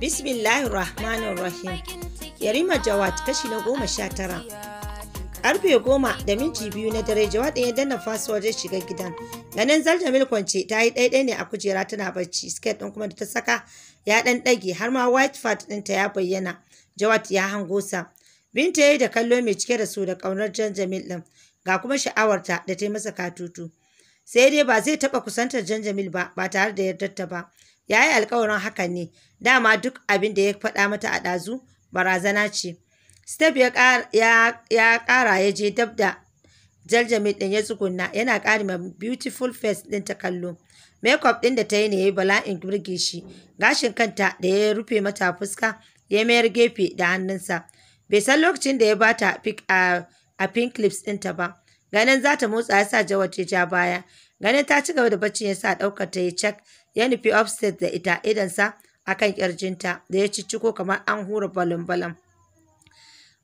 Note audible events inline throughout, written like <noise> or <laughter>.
Bismillahir Rahmanir Rahim. Yarima Jawad kashi na goma sha tara. Karfe goma da minti biyu na dare Jawad ɗin ya danna fasuwar zai shiga gidan. Ganin Zaljamil kwance ta yi ɗaiɗai ne a kujera tana bacci siket ɗin kuma da ta saka ya ɗan ɗage har ma white fat ɗinta ya bayyana. Jawad ya hango sa. Binta ya yi da kallo mai cike da su da ƙaunar Jan Jamil ɗin. Ga kuma sha'awarta da ta yi masa katutu. sai dai ba zai taɓa kusantar Jan Jamil ba ba tare da yardarta ba ya yi alkawarin hakan ne dama duk abin da ya faɗa mata a ɗazu barazana ce step ya ƙara ya je dab da jaljami ɗin ya tsugunna yana ƙari ma beautiful face ɗin ta kallo makeup ɗin da ta yi ne ya yi bala'in birge shi gashin kanta da ya rufe mata fuska ya mayar gefe da hannunsa bai san lokacin da ya ba ta a pink lips ɗinta ba ganin za ta motsa ya sa jawar ta ja baya ganin ta ci gaba da bacci ya sa ɗaukar ta yi cak ya nufi offset da ita idansa a kan ƙirjinta da ya cicciko kamar an hura balam-balam.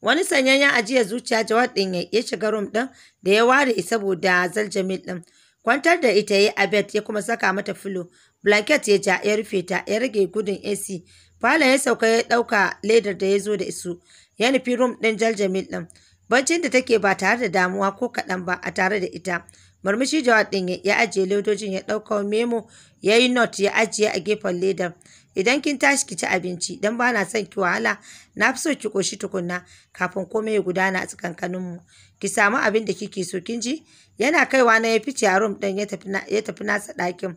Wani sanyan ya ajiye zuciya jawar ɗin ya shiga rum ɗin da ya ware saboda zaljamil ɗin. Kwantar da ita ya abet ya kuma saka mata filo. Blanket ya ja ya rufe ta ya rage gudun AC. Falon ya sauka ya ɗauka ledar da ya zo da isu. Ya nufi rum ɗin jaljamil ɗin. Baccin da take ba tare da damuwa ko kaɗan ba a tare da ita. murmushi jawad ɗin ya ajiye ledojin ya ɗauka memo ya yi not ya ajiye a gefen ledar idan kin tashi ki ci abinci dan bana son ki wahala na fi so ki ƙoshi tukunna kafin komai ya gudana a tsakankanin mu ki samu abin da kike so kin ji yana kaiwa na ya fice a rum din ya tafi nasa ɗakin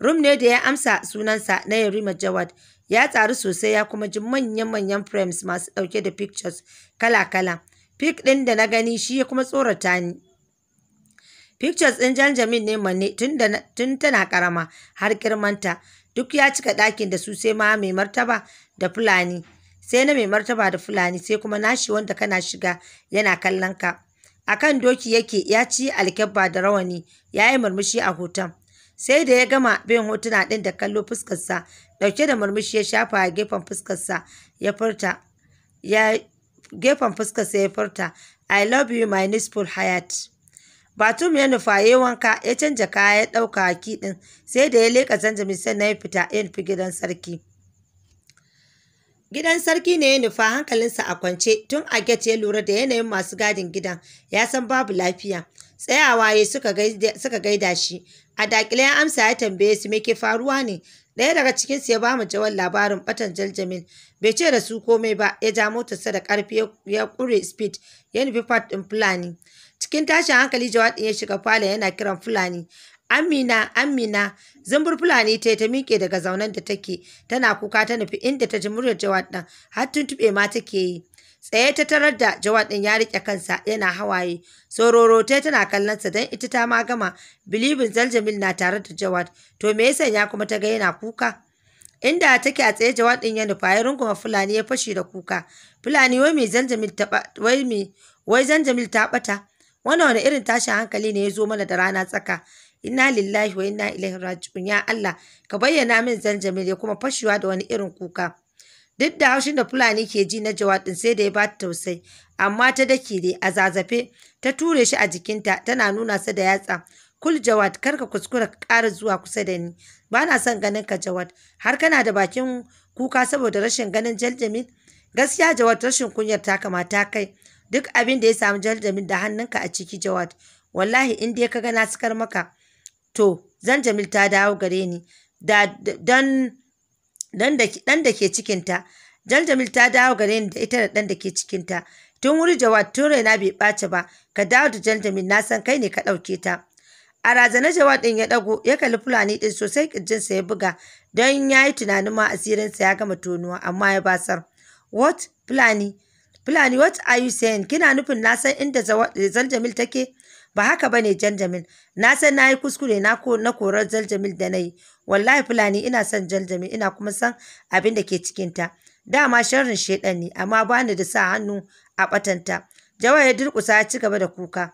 rum ne da ya amsa sunansa na Yarima Jawad ya tsaru sosai ya kuma ji manyan manyan frames masu ɗauke da pictures kala kala pic ɗin da na gani shi ya kuma tsorata ni Pictures ɗin Janjamin ne manne tun tana karama har girmanta. Duk ya cika ɗakin da su sai ma mai martaba da Fulani. Sai na mai martaba da Fulani sai kuma nashi wanda kana shiga yana kallon ka. A kan doki yake ya ci alkyabba da rawani ya yi murmushi a hoton. Sai da ya gama bin hotuna ɗin da kallo fuskarsa ɗauke da murmushi ya shafa a gefen fuskarsa ya furta. Ya gefen fuskarsa ya furta. I love you my peaceful Hayat. Batum ya nufa ya yi wanka ya canja kaya ya ɗauka ki ɗin sai da ya leƙa zanjami sannan ya fita ya nufi gidan sarki. Gidan sarki ne ya nufa hankalinsa a kwance tun a get ya lura da yanayin masu gadin gidan ya san babu lafiya. Tsayawa ya suka gaida shi a dakile ya amsa ya tambaye su me ke faruwa ne ɗaya daga cikin su ya ba mu jawar labarin batan jaljamin bai ce da su komai ba ya ja motarsa da ƙarfi ya ƙure speed ya nufi fat ɗin fulani Cikin tashin hankali Jawad ya shiga falon yana kiran Fulani. Amina, Amina, zumbur Fulani ta ta miƙe daga zaunan da take, tana kuka ta nufi inda ta ji muryar Jawad ɗin, har tuntuɓe ma take yi. Tsaye ta tarar da Jawad ɗin ya riƙe kansa yana hawaye, sororotai tana kallon sa, don ita ta ma gama, bilibin Zaljamil na tare da Jawad, to me yasa ya kuma ta ga yana kuka? inda take a tsaye jawad din ya nufa ya runguma fulani ya fashi da kuka fulani wai mai zanjamil ta wai me wai zanjamil ta bata wannan wani irin tashin hankali ne ya zo mana da rana tsaka inna lillahi wa inna ilaihi raji'un ya Allah ka bayyana min zanjamil ya kuma fashewa da wani irin kuka duk da haushin da fulani ke ji na jawa jawadin sai da ya ba ta tausayi amma ta dake dai a zazafe ta ture shi a jikinta tana nuna sa da yatsa kul jawad kar ka kuskura ka ƙara zuwa kusa da ni ba na son ganin ka jawad har kana da bakin kuka saboda rashin ganin jaljamin gaskiya jawad rashin kunyar ta kamata kai duk abin da ya samu janjamin da hannunka a ciki Jawad wallahi in dai kaga na sakar maka to Jamil ta dawo gare ni da dan da ke cikinta Jamil ta dawo gare ni da ita da dan da ke cikinta tun wuri Jawad tun raina bai ɓaci ba ka dawo da Jamil na san kai ne ka ɗauke ta a razana Jawad din ya dago ya kalli Fulani din sosai kirjinsa ya buga don ya yi tunanin ma asirinsa ya gama tonuwa amma ya basar what Fulani Fulani what are you saying? Kina nufin na san inda Zaljamil take? Ba haka bane Zaljamil. Na san nayi kuskure na ko na korar Zaljamil da nayi Wallahi Fulani ina san Zaljamil, ina kuma san abin da ke cikin ta Dama sharrin shedan ne amma ba ni da sa hannu a batanta. Jawad ya durkusa ya ci gaba da kuka.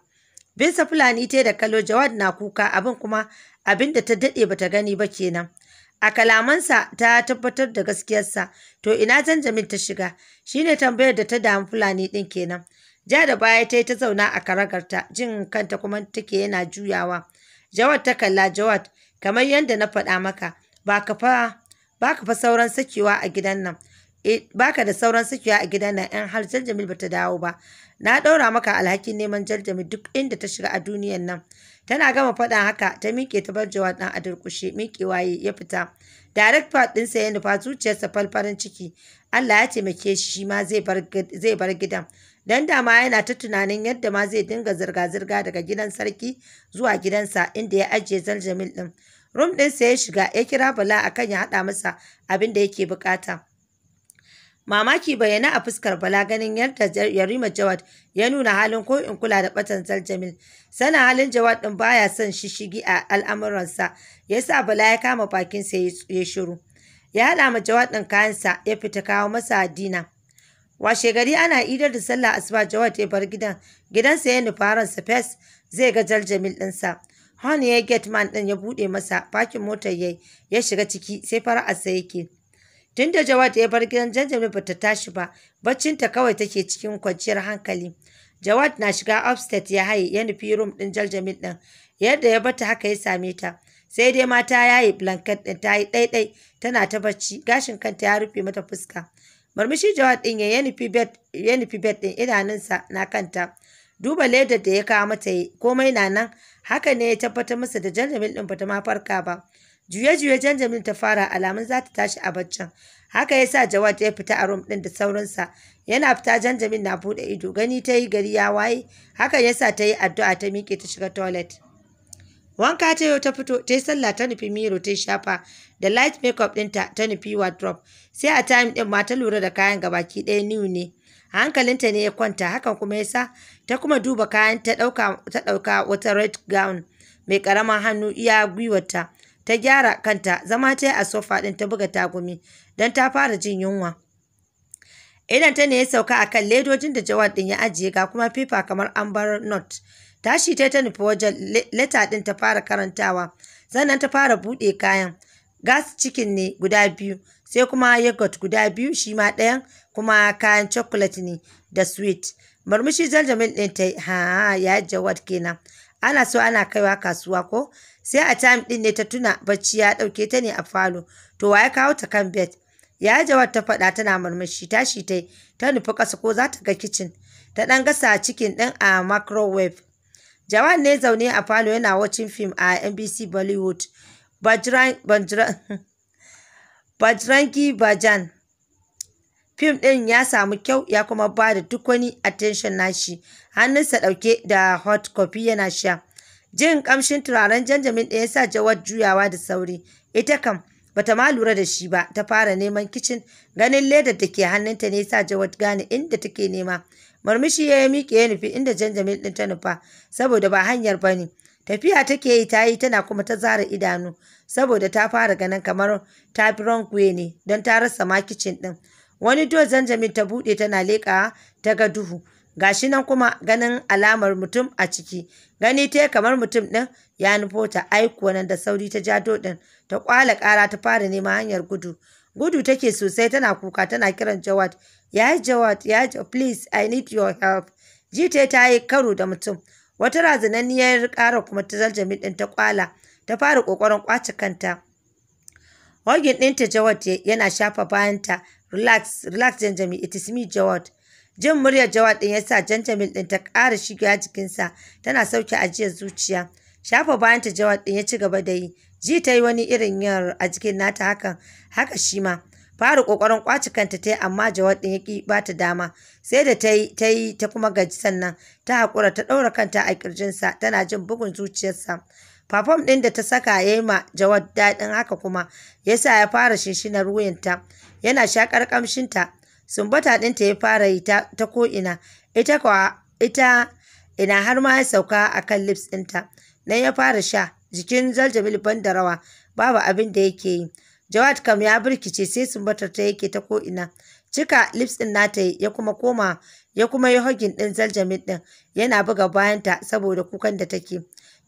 Binsa Fulani ta da kallo Jawad na kuka abin kuma abin da ta daɗe bata gani ba kenan. a kalamansa ta tabbatar da gaskiyarsa to ina janjamin ta shiga shine tambayar da ta damu fulani din kenan ja da baya ta yi ta zauna a karagarta jin kanta kuma take yana juyawa jawad ta kalla jawad kamar yadda na faɗa maka ba ka fa sauran sakewa a gidan nan eh, baka da sauran sakewa a gidan nan in har Jaljamil bata dawo ba na ɗaura maka alhakin neman Jaljamil duk inda ta shiga a duniyan nan tana gama faɗan haka ta miƙe ta bar jawad ɗan a durƙushe waye ya fita direct part sa ya nufa zuciyarsa falfarin ciki Allah ya taimake shi shi ma zai bar gidan dan dama yana ta tunanin yadda ma zai dinga zirga-zirga daga gidan sarki zuwa gidansa inda ya ajiye zaljamil ɗin rum ɗinsa ya shiga ya kira bala akan ya haɗa masa abin da yake buƙata Mamaki bayyana a fuskar Bala ganin yadda Yarima Jawad ya nuna halin ko in kula da batan Jamil. Sana halin Jawad din baya son shishigi a al'amuransa, sa Bala ya kama bakin sa ya shiru. Ya haɗa ma Jawad ɗin kayansa ya fita kawo masa dina. Washe gari ana idar da sallah asuba Jawad ya bar gidan, gidansa ya nufa ransa fes zai ga Jaljamil ɗinsa. Hon ya get man ɗin ya buɗe masa, bakin motar yayi ya shiga ciki sai fara fara'arsa yake. Tun da Jawad ya bar gidan Janjami ba ta tashi ba, baccinta kawai take cikin kwanciyar hankali. Jawad na shiga upstate ya haye ya nufi room ɗin Janjamin ɗin. Yadda ya bata haka ya same ta. Sai dai mata ya yi blanket din ta yi ɗaiɗai tana ta bacci gashin kanta ya rufe mata fuska. murmushi Jawad din ya nufi bed ɗin idanunsa na kanta. Duba ledar da ya kawo mata yi komai na nan haka ne ya tabbatar masa da Janjamin ɗin bata ma farka ba. Juye-juye Janjamin ta fara alamun za ta tashi a baccin. Haka ya sa Jawad ya fita a rum ɗin da sauransa. Yana fita Janjamin na buɗe ido gani ta yi gari ya waye. Hakan ya sa ta yi addu'a ta miƙe ta shiga toilet. Wanka ta yau ta fito ta yi sallah ta nufi miro ta shafa da light makeup ɗinta ta nufi wardrobe. Sai a time ɗin ma ta lura da kayan gabaki ɗaya new ne. hankalinta ne ya kwanta hakan kuma ya sa ta kuma duba kayan ta ɗauka wata red gown mai ƙaramin hannu iya gwiwarta ta gyara kanta zama ta yi a sofa ɗin ta buga tagumi don ta fara jin yunwa. Idan ta ne ya sauka a kan ledojin da Jawad ɗin ya ajiye ga kuma fifa kamar bar not. Tashi ta ta nufi wajen leta ɗin ta fara karantawa sannan ta fara buɗe kayan. Gas cikin ne guda biyu sai kuma yogurt guda biyu shi ma ɗayan kuma kayan chocolate ne da sweet. Murmushi jaljamin ɗin ta yi ha ya Jawad kenan. ana so ana kaiwa kasuwa ko sai a time ɗin ne ta tuna bacci ya ɗauke ta ne a falo to wa ya kawo ta kan bed ya jawar ta faɗa tana murmushi tashi tai ta nufi ƙasa ko za ta ga kicin ta ɗan gasa cikin ɗin a microwave Jawan ne zaune a falo yana watching film a NBC Bollywood. <laughs> Bajrangi Bajan fim ɗin ya samu kyau ya kuma ba da duk wani attention nashi hannunsa ɗauke da hot coffee yana sha jin ƙamshin turaren janjamin ɗaya sa jawad juyawa da sauri ita kam bata ma lura da shi ba ta fara neman kicin ganin ledar da ke hannunta ne sa jawad gane inda take nema murmushi ya yi miƙe ya nufi inda janjamin ɗin ta nufa saboda ba hanyar ba ne tafiya take yi ta yi tana kuma ta zara idanu saboda ta fara ganin kamar ta ne don ta rasa ma kicin ɗin wani do zanjamin ta buɗe tana leƙa ta ga duhu gashi nan kuma ganin alamar mutum a ciki gani ta kamar mutum ɗin ya nufo ta aiko nan da sauri ta ja doɗin. ta kwala ƙara ta fara neman hanyar gudu gudu take sosai tana kuka tana kiran jawad ya jawad ya please i need your help jita ta yi karo da mutum wata razananniyar ƙara kuma ta zaljami ɗin ta ƙwala. ta fara ƙoƙarin ƙwace kanta Hogin ɗinta Jawad yana shafa bayanta relax relax janjami it is me jawad jin muryar jawad din yasa janjamil din ta ƙara shiga jikinsa tana sauke ajiyar zuciya shafa bayan ta jawad din ya ci gaba da yi ji ta yi wani irin yar a jikin nata hakan haka shi ma fara kokarin kwaci kanta ta yi amma jawad din ya ki bata dama sai da ta yi ta kuma gaji sannan ta haƙura ta ɗaura kanta a ƙirjinsa tana jin bugun zuciyarsa Fafom ɗin da ta saka ya yi ma Jawad daɗin haka kuma ya sa ya fara shinshinar wuyanta yana shakar ƙamshinta. Sumbata ɗinta ya fara yi ta ko'ina, ita ita ina har ma ya sauka a kan lips ɗinta. Nan ya fara sha, jikin Zaljamil ban da rawa, babu abin da yake yi. Jawad kam ya birkice sai sumbata ta yake ta ko'ina. Cika lips ɗin nata ya kuma koma ya kuma yi hogin ɗin Zaljamil ɗin yana buga bayanta saboda kukan da take.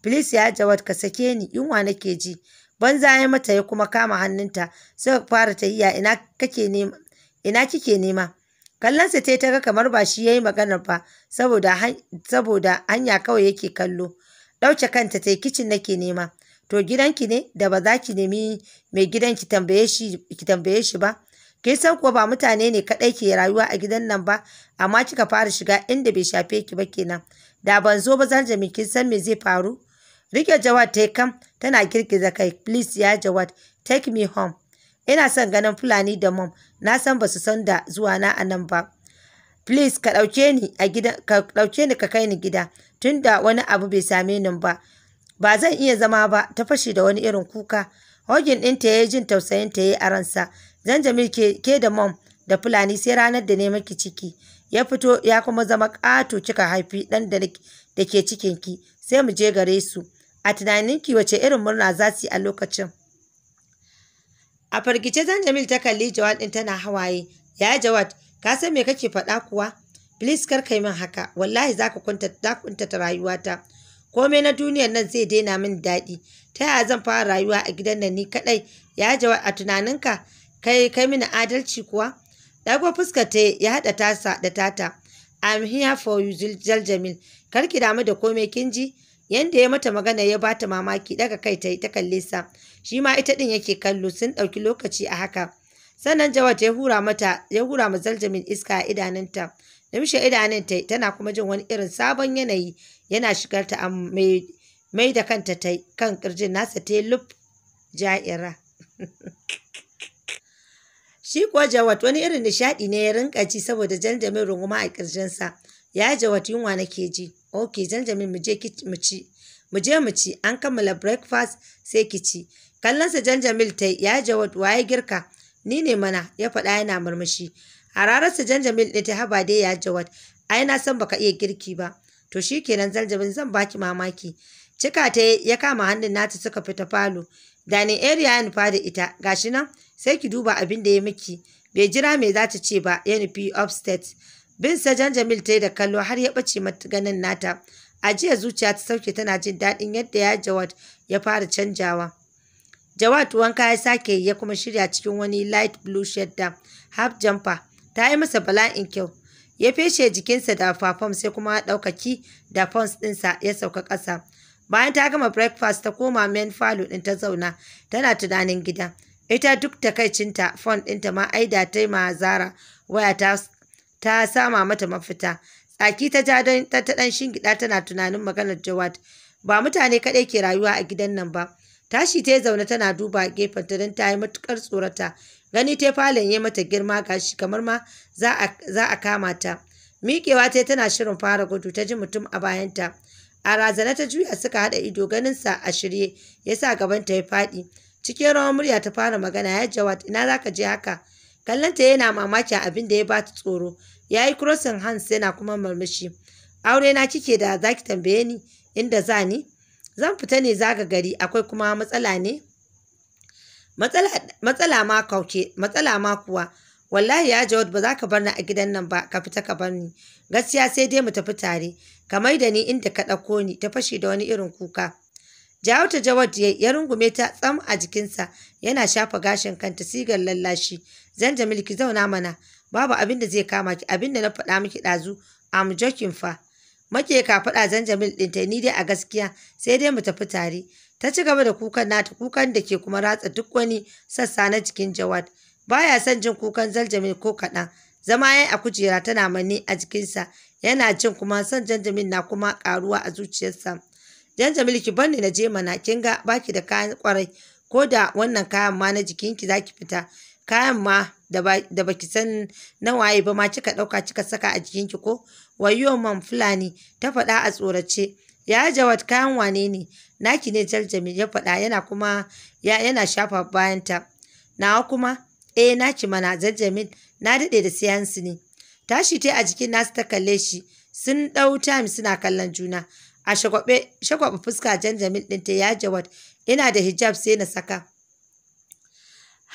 filis ya Jawad ka sake ni yunwa nake ji. Banza ya mata ya kuma kama hannunta suka fara tahiya ina kake nema ina kike nema. kallon satai ta ga kamar ba shi yayi maganar ba saboda saboda hanya kawai yake kallo. Ɗauce kanta ta kicin nake nema. To gidanki ne da ba za ki nemi mai gidan ki tambaye shi ki tambaye shi ba. kisan san kuwa ba mutane ne kaɗai ke rayuwa a gidan nan ba, amma kika fara shiga inda bai shafe ki ba kenan. Da ban zo ba zan kin san me zai faru? Rike Jawad ta kam tana girgiza kai, please ya Jawad, take me home. Ina son ganin Fulani da mom, na san ba su san da zuwa na a nan ba. Please ka ɗauke ni a gida, ka ɗauke ni ka kai ni gida, tunda wani abu bai same ni ba. Ba zan iya zama ba, ta fashe da wani irin kuka. Hogin ɗinta ya yi jin tausayin ta yi a ransa. Zanjamil ke, ke da mom da Fulani sai ranar da ne maki ciki. Ya fito ya kuma zama ƙato kika haifi ɗan da ke cikinki, sai mu je gare su. a tunaninki wace irin murna za su yi a lokacin a fargice Zan jamil ta kalli jawad ɗin tana hawaye ya jawad ka san me kake faɗa kuwa please kar ka yi min haka wallahi za ka kuntata rayuwata komai na duniyar nan zai daina min daɗi ta yaya zan fara rayuwa a gidan nan ni kaɗai ya jawad a tunaninka kai kai mini adalci kuwa dago fuskar ta ya haɗa tasa da tata I'm here for you Jaljamil kar ki damu da komai kin ji Yanda ya mata magana ya bata mamaki daga kai ta yi ta kalle sa. Shi ma ita din yake kallo sun ɗauki lokaci a haka. Sannan Jawad ya hura mata ya hura ma Zaljamin iska a idanunta. Namshe idanun ta tana kuma jin wani irin sabon yanayi yana shigar ta mai da kanta ta kan kirjin nasa ta lub ja'ira. <laughs> Shi kuwa Jawad wani irin nishaɗi ne ya rinka ji saboda janjamin runguma a kirjinsa. Ya wata yunwa na ke ji. Ok Janjamin mu mu je mu ci an kammala breakfast sai ki ci. Kallonsa Janjamil ta yi ya wata waye girka. Ni ne mana ya faɗa yana murmushi. jan Janjamil ɗin ta haba dai ya Jawad. Ai na san baka iya girki ba. To shi kenan zan zan baki mamaki. Cika ta ya kama hannun nata suka fita falo. Dani area ya nufa da ita gashi nan sai ki duba abin da ya miki. Bai jira me za ta ce ba ya nufi upstate. bin sajan jamil ta yi da kallo har ya ɓace mata ganin nata a jiya zuciya ta sauke tana jin daɗin yadda ya jawad ya fara canjawa jawad wanka ya sake ya kuma shirya cikin wani light blue da. half jumper ta yi masa bala'in kyau ya feshe jikinsa da fafam sai kuma ɗaukaki da fons ɗinsa ya sauka ƙasa bayan ta gama breakfast ta koma main falo ɗin ta zauna tana tunanin gida ita duk takaicinta fon ɗinta ma aida ta yi ma zara waya ta ta sama mata mafita tsaki ta ja don ta ɗan gida tana tunanin maganar jawad ba mutane kaɗai ke rayuwa a gidan nan ba tashi ta zaune tana duba gefen ta don ta yi matukar tsorata gani ta falon ya mata girma gashi kamar ma za a kama ta miƙewa ta tana shirin fara gudu ta ji mutum a bayanta a razana ta juya suka haɗa ido ganin sa a shirye ya sa gaban ta ya faɗi cikin rawar murya ta fara magana ya jawad ina za ka je haka kallonta yana mamakin abin da ya ba ta tsoro ya yi crossing hands yana kuma murmushi aure na kike da za ki tambaye ni inda za ni zan fita ne zaga gari akwai kuma matsala ne matsala ma kauke matsala ma kuwa wallahi ya jawad ba za ka bar ni a gidan nan ba ka fita ka bar ni gaskiya sai dai mu tafi tare ka mai da ni inda ka ɗauko ni ta fashe da wani irin kuka jawo ta jawad ya rungume ta tsam a jikinsa yana shafa gashin kanta sigar lallashi zan jamil ki zauna mana babu abin da zai kama ki abin da na faɗa miki ɗazu am joking fa make ka faɗa ɗin ta ni dai a gaskiya sai dai mu tafi tare ta ci gaba da kukan nata kukan da ke kuma ratsa duk wani sassa na jikin jawad baya son jin kukan zaljamil ko kaɗan zama yayi a kujera tana manne a jikinsa yana jin kuma son zanjamil na kuma karuwa a zuciyarsa Zanjamil ki banni na je mana kin ga baki da kayan kwarai ko da wannan kayan ma na jikinki zaki fita kayan ma da baki san na waye ba ma kika ɗauka kika saka a jikinki ko wayo man fulani ta faɗa a tsorace ya jawad kayan wane ne naki ne jaljami ya faɗa yana kuma ya yana shafa bayanta nawa kuma eh naki mana jaljamin na daɗe da siyansu ne tashi ta a jikin nasu ta kalle shi sun ɗau time suna kallon juna a shagwabe fuska jan jamil ta ya jawad ina da hijab sai na saka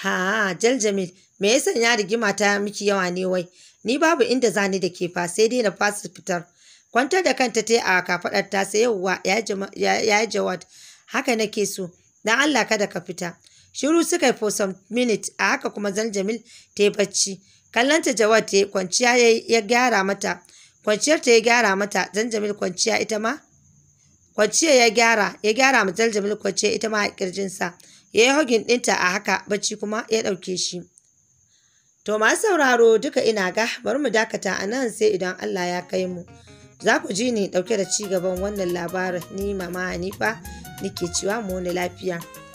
Ha, Jamil. me ya sanya rigima ta miki yawa ne wai? Ni babu inda zani da ke fa sai dai na fasa fitar. Kwantar da kanta ta a kafaɗar ta sai yauwa ya yi jawad. Haka nake so, dan Allah kada ka fita. Shiru suka yi for some minute a haka kuma Jal Jamil ta yi bacci. ta Jawad ta kwanciya ya gyara mata. Kwanciyar ta ya gyara mata, Jamil kwanciya ita ma? Kwanciya ya gyara, ya gyara ma Jamil kwanciya ita ma a kirjinsa. ya yi hogin ɗinta a haka bacci kuma ya ɗauke shi. To masu sauraro duka ina ga bari mu dakata a nan sai idan Allah ya kai mu. Za ku ji ni ɗauke da ci gaban wannan labarin ni mama Hanifa nike cewa mu wani lafiya.